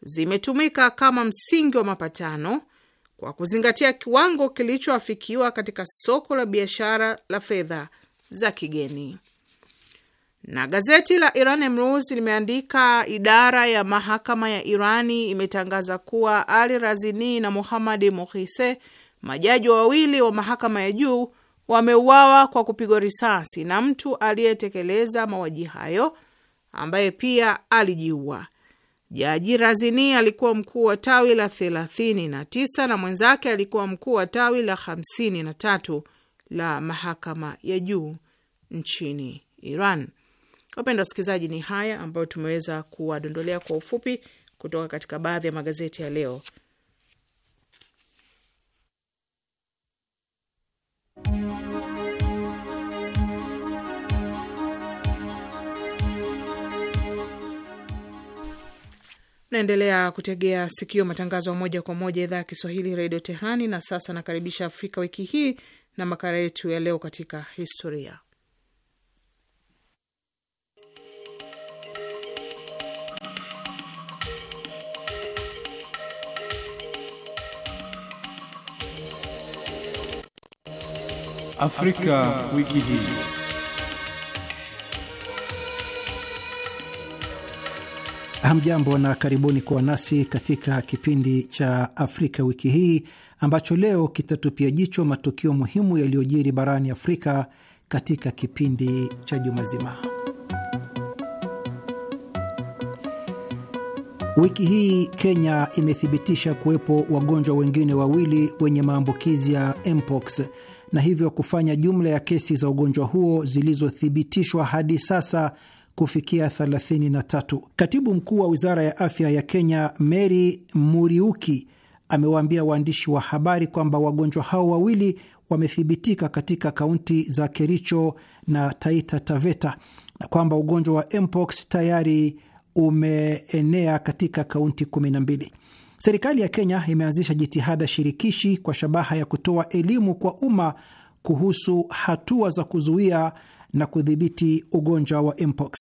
Speaker 3: zimetumika kama msingi wa mapatano kwa kuzingatia kiwango kilichoafikiwa katika soko la biashara la fedha za kigeni. Na gazeti la Iran Emruz limeandika idara ya mahakama ya Irani imetangaza kuwa Ali Razini na Muhamadi Mughise, majaji wawili wa mahakama ya juu, wameuawa kwa kupigwa risasi na mtu aliyetekeleza mauaji hayo ambaye pia alijiua. Jaji Razini alikuwa mkuu wa tawi la 39 na mwenzake alikuwa mkuu wa tawi la 53 la mahakama ya juu nchini Iran. wapenda wasikilizaji, ni haya ambayo tumeweza kuwadondolea kwa ufupi kutoka katika baadhi ya magazeti ya leo. Naendelea kutegea sikio matangazo ya moja kwa moja idhaa ya Kiswahili redio Tehani. Na sasa nakaribisha Afrika wiki hii na makala yetu ya leo katika historia.
Speaker 6: Afrika, Afrika wiki hii. Hamjambo na karibuni kuwa nasi katika kipindi cha Afrika wiki hii ambacho leo kitatupia jicho matukio muhimu yaliyojiri barani Afrika katika kipindi cha juma zima. Wiki hii Kenya imethibitisha kuwepo wagonjwa wengine wawili wenye maambukizi ya mpox na hivyo kufanya jumla ya kesi za ugonjwa huo zilizothibitishwa hadi sasa kufikia 33. Katibu mkuu wa wizara ya afya ya Kenya Mary Muriuki amewaambia waandishi wa habari kwamba wagonjwa hao wawili wamethibitika katika kaunti za Kericho na Taita Taveta na kwamba ugonjwa wa mpox tayari umeenea katika kaunti 12. Serikali ya Kenya imeanzisha jitihada shirikishi kwa shabaha ya kutoa elimu kwa umma kuhusu hatua za kuzuia na kudhibiti ugonjwa wa mpox.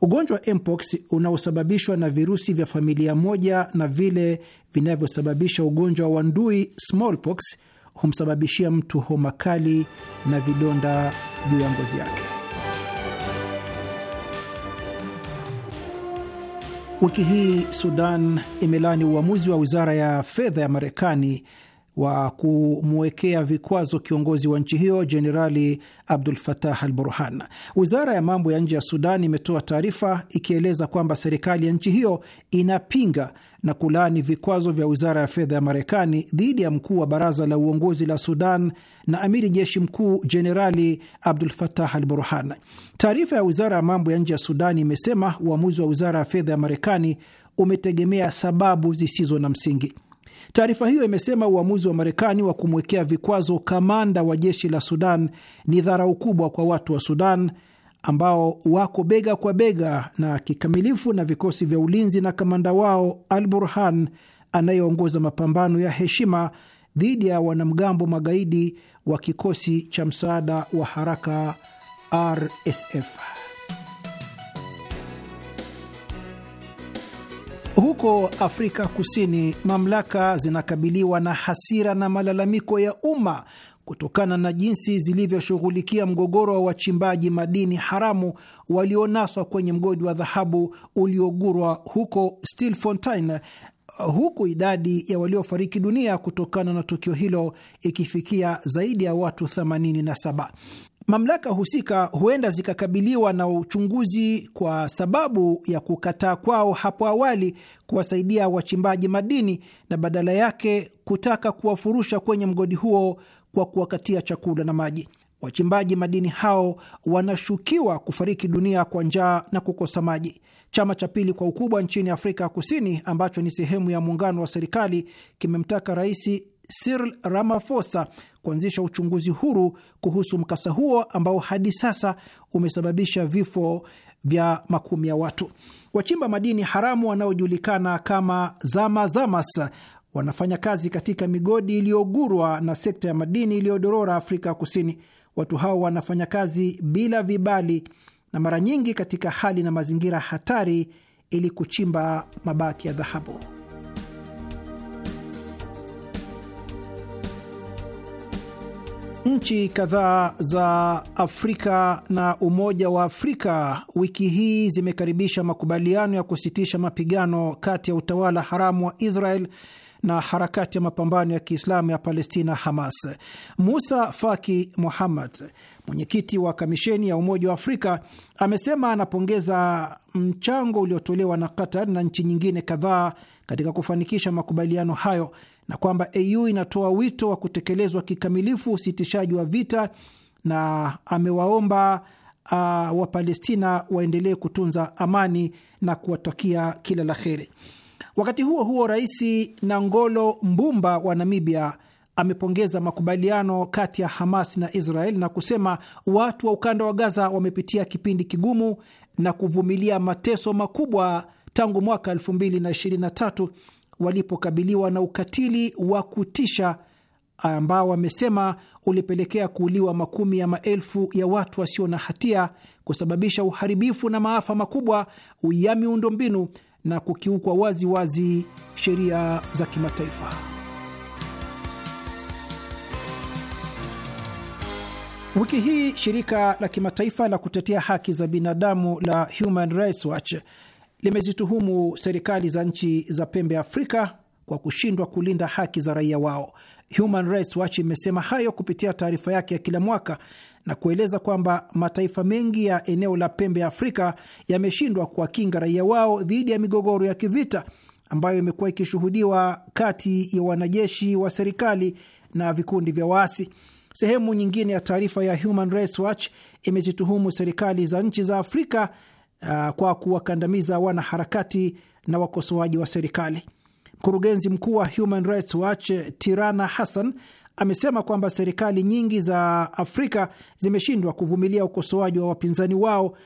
Speaker 6: Ugonjwa wa mpox unaosababishwa na virusi vya familia moja na vile vinavyosababisha ugonjwa wa ndui smallpox humsababishia mtu homa kali na vidonda juu ya ngozi yake. Wiki hii Sudan imelaani uamuzi wa wizara ya fedha ya Marekani wa kumwekea vikwazo kiongozi wa nchi hiyo Jenerali Abdul Fatah al Burhan. Wizara ya mambo ya nje ya Sudan imetoa taarifa ikieleza kwamba serikali ya nchi hiyo inapinga na kulaani vikwazo vya wizara ya fedha ya Marekani dhidi ya mkuu wa baraza la uongozi la Sudan na amiri jeshi mkuu Jenerali Abdul Fatah al Burhan. Taarifa ya wizara ya mambo ya nje ya Sudan imesema uamuzi wa wizara ya fedha ya Marekani umetegemea sababu zisizo na msingi. Taarifa hiyo imesema uamuzi wa Marekani wa kumwekea vikwazo kamanda wa jeshi la Sudan ni dharau kubwa kwa watu wa Sudan ambao wako bega kwa bega na kikamilifu na vikosi vya ulinzi na kamanda wao Al Burhan anayeongoza mapambano ya heshima dhidi ya wanamgambo magaidi wa kikosi cha msaada wa haraka RSF. Huko Afrika Kusini, mamlaka zinakabiliwa na hasira na malalamiko ya umma kutokana na jinsi zilivyoshughulikia mgogoro wa wachimbaji madini haramu walionaswa kwenye mgodi wa dhahabu uliogurwa huko Stilfontein, huku idadi ya waliofariki dunia kutokana na tukio hilo ikifikia zaidi ya watu 87 mamlaka husika huenda zikakabiliwa na uchunguzi kwa sababu ya kukataa kwao hapo awali kuwasaidia wachimbaji madini na badala yake kutaka kuwafurusha kwenye mgodi huo kwa kuwakatia chakula na maji. Wachimbaji madini hao wanashukiwa kufariki dunia kwa njaa na kukosa maji. Chama cha pili kwa ukubwa nchini Afrika Kusini ambacho ni sehemu ya muungano wa serikali kimemtaka rais Cyril Ramaphosa kuanzisha uchunguzi huru kuhusu mkasa huo ambao hadi sasa umesababisha vifo vya makumi ya watu. Wachimba madini haramu wanaojulikana kama Zamazamas wanafanya kazi katika migodi iliyogurwa na sekta ya madini iliyodorora Afrika Kusini. Watu hao wanafanya kazi bila vibali na mara nyingi katika hali na mazingira hatari ili kuchimba mabaki ya dhahabu. Nchi kadhaa za Afrika na Umoja wa Afrika wiki hii zimekaribisha makubaliano ya kusitisha mapigano kati ya utawala haramu wa Israel na harakati ya mapambano ya Kiislamu ya Palestina, Hamas. Musa Faki Muhammad, mwenyekiti wa kamisheni ya Umoja wa Afrika, amesema anapongeza mchango uliotolewa na Qatar na nchi nyingine kadhaa katika kufanikisha makubaliano hayo na kwamba AU inatoa wito wa kutekelezwa kikamilifu usitishaji wa vita na amewaomba uh, Wapalestina waendelee kutunza amani na kuwatakia kila la heri. Wakati huo huo, Rais Nangolo Mbumba wa Namibia amepongeza makubaliano kati ya Hamas na Israel na kusema watu wa ukanda wa Gaza wamepitia kipindi kigumu na kuvumilia mateso makubwa tangu mwaka 2023 walipokabiliwa na ukatili wa kutisha ambao wamesema ulipelekea kuuliwa makumi ya maelfu ya watu wasio na hatia, kusababisha uharibifu na maafa makubwa ya miundombinu na kukiukwa waziwazi sheria za kimataifa. Wiki hii shirika la kimataifa la kutetea haki za binadamu la Human Rights Watch limezituhumu serikali za nchi za pembe Afrika kwa kushindwa kulinda haki za raia wao. Human Rights Watch imesema hayo kupitia taarifa yake ya kila mwaka na kueleza kwamba mataifa mengi ya eneo la pembe ya Afrika yameshindwa kuwakinga raia wao dhidi ya migogoro ya kivita ambayo imekuwa ikishuhudiwa kati ya wanajeshi wa serikali na vikundi vya waasi. Sehemu nyingine ya taarifa ya Human Rights Watch imezituhumu serikali za nchi za Afrika uh, kwa kuwakandamiza wanaharakati na wakosoaji wa serikali. Mkurugenzi mkuu wa Human Rights Watch Tirana Hassan amesema kwamba serikali nyingi za Afrika zimeshindwa kuvumilia ukosoaji wa wapinzani wao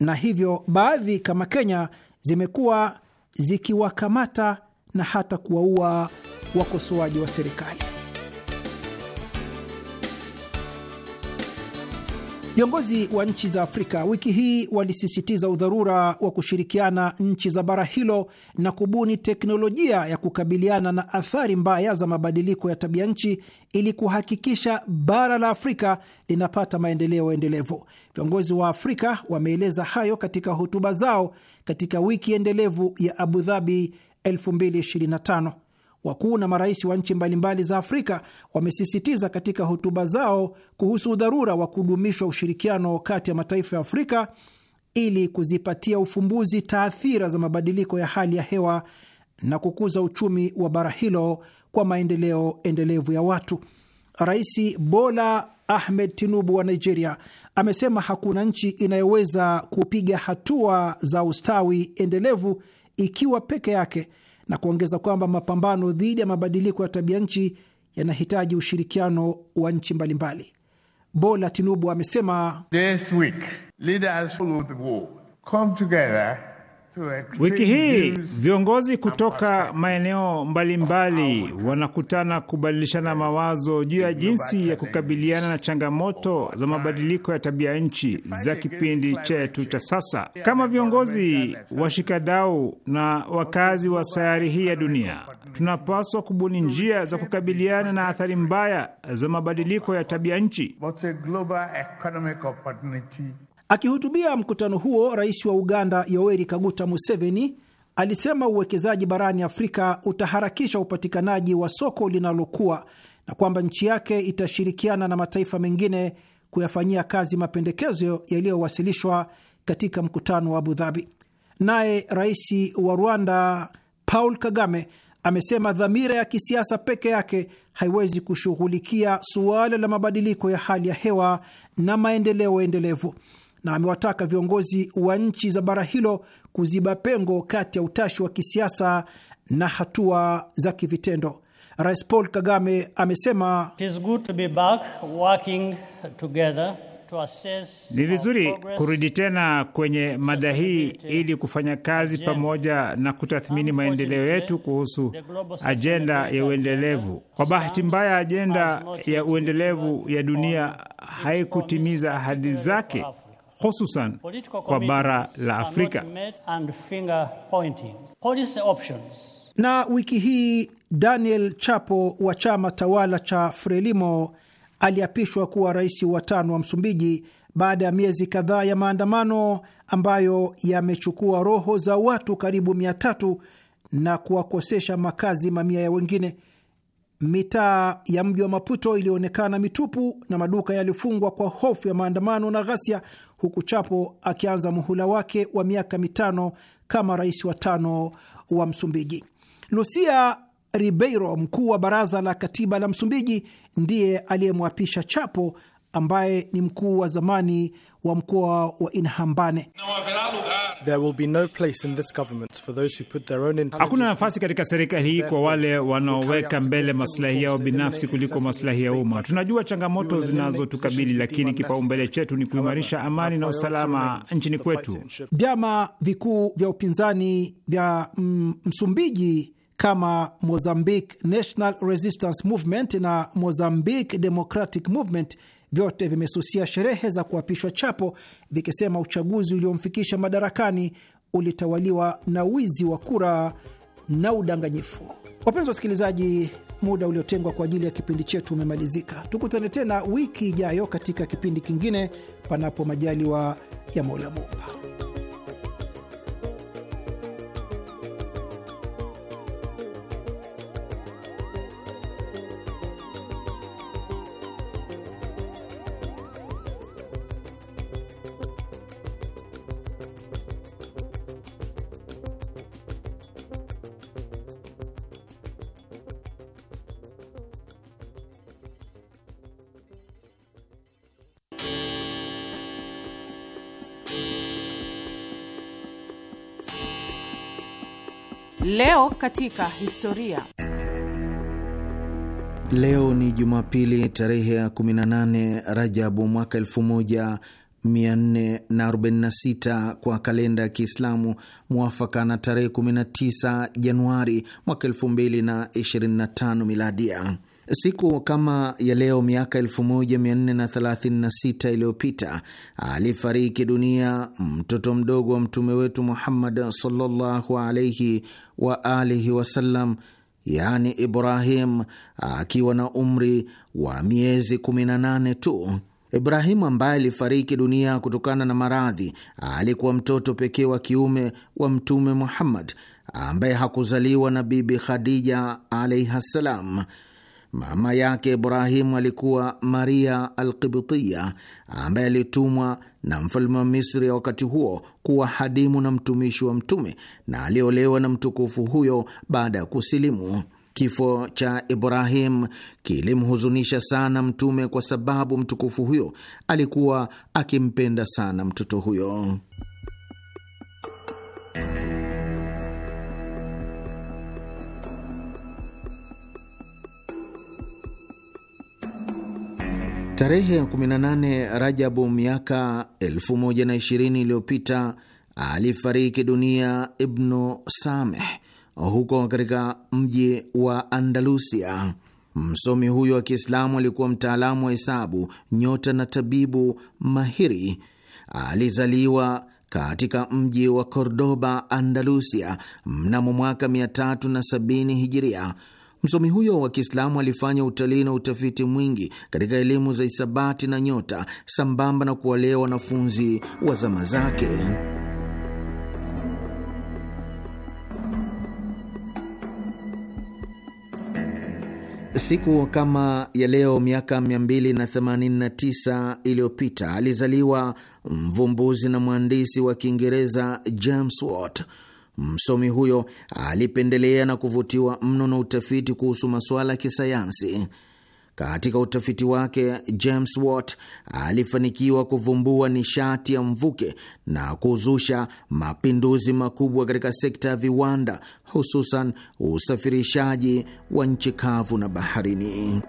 Speaker 6: na hivyo baadhi kama Kenya zimekuwa zikiwakamata na hata kuwaua wakosoaji wa serikali. Viongozi wa nchi za Afrika wiki hii walisisitiza udharura wa kushirikiana nchi za bara hilo na kubuni teknolojia ya kukabiliana na athari mbaya za mabadiliko ya tabia nchi ili kuhakikisha bara la Afrika linapata maendeleo endelevu. Viongozi wa Afrika wameeleza hayo katika hotuba zao katika wiki endelevu ya Abu Dhabi 2025 wakuu na marais wa nchi mbalimbali za Afrika wamesisitiza katika hotuba zao kuhusu udharura wa kudumishwa ushirikiano kati ya mataifa ya Afrika ili kuzipatia ufumbuzi taathira za mabadiliko ya hali ya hewa na kukuza uchumi wa bara hilo kwa maendeleo endelevu ya watu. Rais Bola Ahmed Tinubu wa Nigeria amesema hakuna nchi inayoweza kupiga hatua za ustawi endelevu ikiwa peke yake na kuongeza kwamba mapambano dhidi ya mabadiliko ya tabia nchi yanahitaji ushirikiano wa
Speaker 4: nchi mbalimbali. Bola Tinubu amesema This week, leaders of the world come together Wiki hii viongozi kutoka maeneo mbalimbali wanakutana kubadilishana mawazo juu ya jinsi ya kukabiliana na changamoto za mabadiliko ya tabia nchi za kipindi chetu cha sasa. Kama viongozi washikadau na wakazi wa sayari hii ya dunia, tunapaswa kubuni njia za kukabiliana na athari mbaya za mabadiliko ya tabia nchi. Akihutubia mkutano
Speaker 6: huo, rais wa Uganda Yoweri Kaguta Museveni alisema uwekezaji barani Afrika utaharakisha upatikanaji wa soko linalokuwa na kwamba nchi yake itashirikiana na mataifa mengine kuyafanyia kazi mapendekezo yaliyowasilishwa katika mkutano wa Abu Dhabi. Naye rais wa Rwanda Paul Kagame amesema dhamira ya kisiasa peke yake haiwezi kushughulikia suala la mabadiliko ya hali ya hewa na maendeleo endelevu na amewataka viongozi wa nchi za bara hilo kuziba pengo kati ya utashi wa kisiasa na hatua za kivitendo. Rais Paul Kagame amesema
Speaker 4: ni vizuri kurudi tena kwenye mada hii ili kufanya kazi pamoja na kutathmini maendeleo yetu kuhusu ajenda ya uendelevu. Kwa bahati mbaya, ajenda ya uendelevu ya dunia haikutimiza ahadi zake hususan kwa bara la Afrika. Na
Speaker 6: wiki hii Daniel Chapo wa chama tawala cha Frelimo aliapishwa kuwa rais wa tano wa Msumbiji baada ya miezi kadhaa ya maandamano ambayo yamechukua roho za watu karibu mia tatu na kuwakosesha makazi mamia ya wengine. Mitaa ya mji wa Maputo ilionekana mitupu na maduka yalifungwa kwa hofu ya maandamano na ghasia, huku Chapo akianza muhula wake wa miaka mitano kama rais wa tano wa Msumbiji. Lucia Ribeiro, mkuu wa baraza la katiba la Msumbiji, ndiye aliyemwapisha Chapo ambaye ni mkuu wa zamani wa mkoa wa Inhambane.
Speaker 4: Hakuna nafasi katika serikali hii kwa wale wanaoweka mbele maslahi yao binafsi kuliko maslahi ya umma. Tunajua changamoto zinazotukabili, lakini kipaumbele chetu ni kuimarisha amani na usalama nchini kwetu.
Speaker 6: Vyama vikuu vya upinzani vya mm, Msumbiji kama Mozambique National Resistance Movement na Mozambique Democratic Movement vyote vimesusia sherehe za kuapishwa Chapo vikisema uchaguzi uliomfikisha madarakani ulitawaliwa na wizi wa kura na udanganyifu. Wapenzi wasikilizaji, muda uliotengwa kwa ajili ya kipindi chetu umemalizika. Tukutane tena wiki ijayo katika kipindi kingine, panapo majaliwa ya Mola Muumba.
Speaker 3: Leo katika historia.
Speaker 5: Leo ni Jumapili tarehe ya 18 Rajabu mwaka 1446 kwa kalenda ya Kiislamu, mwafaka na tarehe 19 Januari mwaka 2025 miladia. Siku kama ya leo miaka 1436 iliyopita alifariki dunia mtoto mdogo wa mtume wetu Muhammad sallallahu alaihi wa alihi wasallam, yani Ibrahim akiwa na umri wa miezi 18 tu. Ibrahimu ambaye alifariki dunia kutokana na maradhi alikuwa mtoto pekee wa kiume wa Mtume Muhammad ambaye hakuzaliwa na Bibi Khadija alaihi ssalam. Mama yake Ibrahimu alikuwa Maria Alkibtiya, ambaye alitumwa na mfalme wa Misri ya wakati huo kuwa hadimu na mtumishi wa Mtume, na aliolewa na mtukufu huyo baada ya kusilimu. Kifo cha Ibrahim kilimhuzunisha sana Mtume kwa sababu mtukufu huyo alikuwa akimpenda sana mtoto huyo. Tarehe ya 18 Rajabu miaka 1020 iliyopita alifariki dunia Ibnu Sameh huko katika mji wa Andalusia. Msomi huyo wa Kiislamu alikuwa mtaalamu wa hesabu, nyota na tabibu mahiri. Alizaliwa katika mji wa Cordoba, Andalusia mnamo mwaka 370 hijiria Msomi huyo wa Kiislamu alifanya utalii na utafiti mwingi katika elimu za hisabati na nyota, sambamba na kuwalea wanafunzi wa zama zake. Siku kama ya leo miaka 289 iliyopita alizaliwa mvumbuzi na mhandisi wa Kiingereza James Watt. Msomi huyo alipendelea na kuvutiwa mno na utafiti kuhusu masuala ya kisayansi. Katika utafiti wake James Watt alifanikiwa kuvumbua nishati ya mvuke na kuzusha mapinduzi makubwa katika sekta ya viwanda, hususan usafirishaji wa nchi kavu na baharini.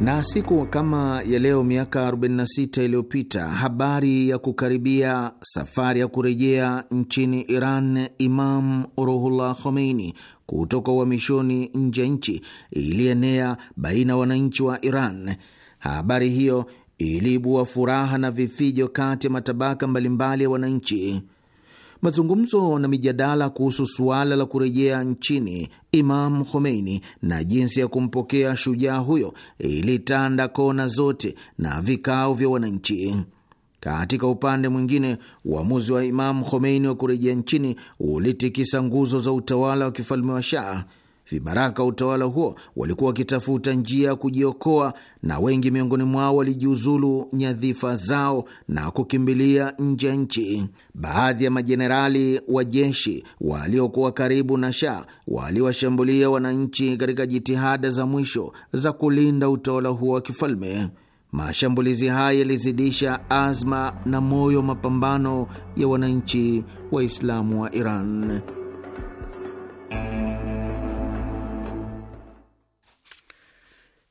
Speaker 5: Na siku kama ya leo miaka 46 iliyopita habari ya kukaribia safari ya kurejea nchini Iran Imam Ruhullah Khomeini kutoka uhamishoni nje ya nchi ilienea baina ya wananchi wa Iran. Habari hiyo iliibua furaha na vifijo kati ya matabaka mbalimbali ya wananchi mazungumzo na mijadala kuhusu suala la kurejea nchini Imam Khomeini na jinsi ya kumpokea shujaa huyo ilitanda kona zote na vikao vya wananchi. Katika upande mwingine, uamuzi wa Imam Khomeini wa kurejea nchini ulitikisa nguzo za utawala wa kifalme wa Shah. Vibaraka utawala huo walikuwa wakitafuta njia ya kujiokoa, na wengi miongoni mwao walijiuzulu nyadhifa zao na kukimbilia nje ya nchi. Baadhi ya majenerali wa jeshi waliokuwa karibu na Shah waliwashambulia wananchi katika jitihada za mwisho za kulinda utawala huo wa kifalme. Mashambulizi haya yalizidisha azma na moyo mapambano ya wananchi Waislamu wa Iran.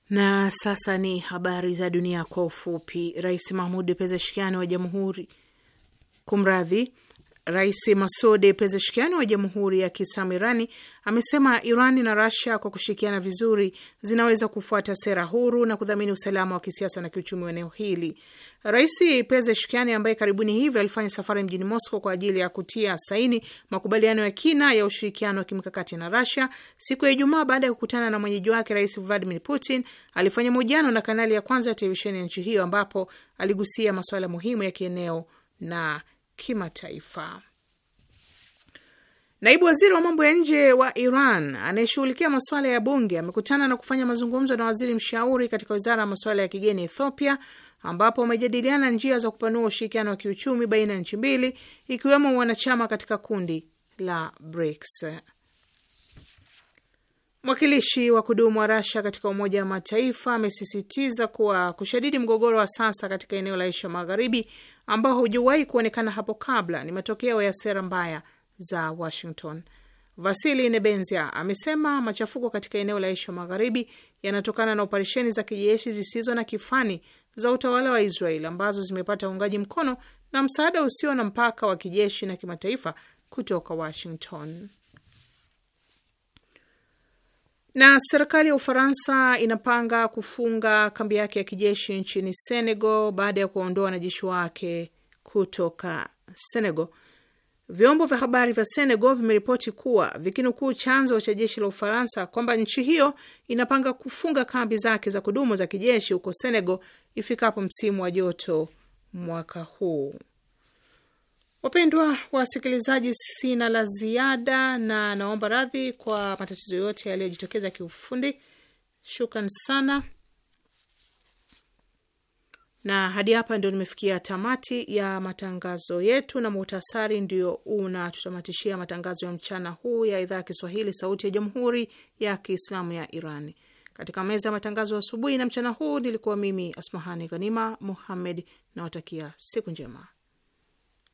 Speaker 3: Na sasa ni habari za dunia kwa ufupi. Rais Mahmud Pezeshkiani wa Jamhuri, kumradhi, Rais Masud Pezeshkiani wa Jamhuri ya Kiislamu Irani amesema iran na Rasia kwa kushirikiana vizuri zinaweza kufuata sera huru na kudhamini usalama wa kisiasa na kiuchumi wa eneo hili. Rais Pezeshkiani ambaye karibuni hivyo alifanya safari mjini Moscow kwa ajili ya kutia saini makubaliano ya kina ya ushirikiano wa kimkakati na Russia, siku ya Ijumaa baada ya kukutana na mwenyeji wake Rais Vladimir Putin, alifanya mahojiano na kanali ya kwanza ya televisheni ya nchi hiyo ambapo aligusia masuala muhimu ya kieneo na kimataifa. Naibu waziri wa mambo ya nje wa Iran anayeshughulikia masuala ya bunge amekutana na kufanya mazungumzo na waziri mshauri katika wizara ya masuala ya kigeni Ethiopia ambapo wamejadiliana njia za kupanua ushirikiano wa kiuchumi baina ya nchi mbili ikiwemo wanachama katika kundi la BRICS. Mwakilishi wa kudumu wa Rasha katika Umoja wa Mataifa amesisitiza kuwa kushadidi mgogoro wa sasa katika eneo la Asia Magharibi, ambao hujawahi kuonekana hapo kabla, ni matokeo ya sera mbaya za Washington. Vasili Nebenzia amesema machafuko katika eneo la Asia Magharibi yanatokana na operesheni za kijeshi zisizo na kifani za utawala wa israel ambazo zimepata uungaji mkono na msaada usio na mpaka wa kijeshi na kimataifa kutoka Washington. Na serikali ya Ufaransa inapanga kufunga kambi yake ya kijeshi nchini Senegal baada ya kuwaondoa wanajeshi wake kutoka Senegal. Vyombo vya habari vya Senegal vimeripoti kuwa vikinukuu chanzo cha jeshi la Ufaransa kwamba nchi hiyo inapanga kufunga kambi zake za kudumu za kijeshi huko Senegal ifikapo msimu wa joto mwaka huu. Wapendwa wasikilizaji, sina la ziada na naomba radhi kwa matatizo yote yaliyojitokeza kiufundi. Shukran sana na hadi hapa ndio nimefikia tamati ya matangazo yetu, na muhtasari ndio unatutamatishia matangazo ya mchana huu ya idhaa ya Kiswahili sauti ya jamhuri ya Kiislamu ya Iran. Katika meza ya matangazo asubuhi na mchana huu nilikuwa mimi Asmahani Ghanima Muhammed, nawatakia siku njema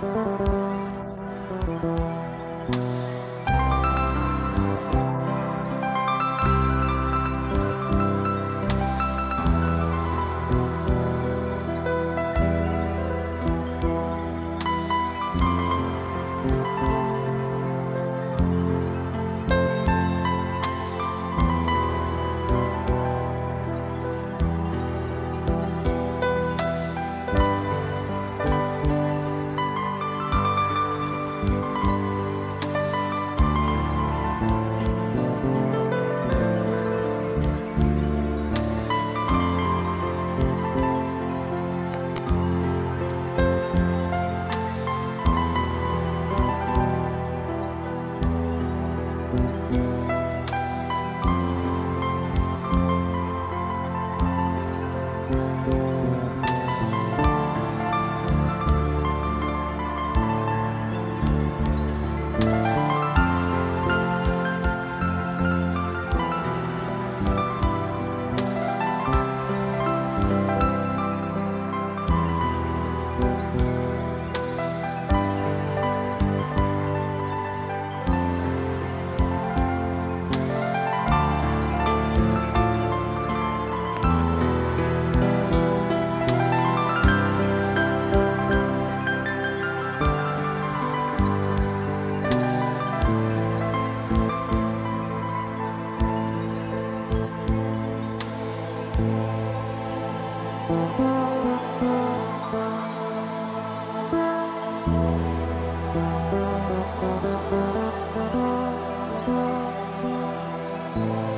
Speaker 7: Thank you.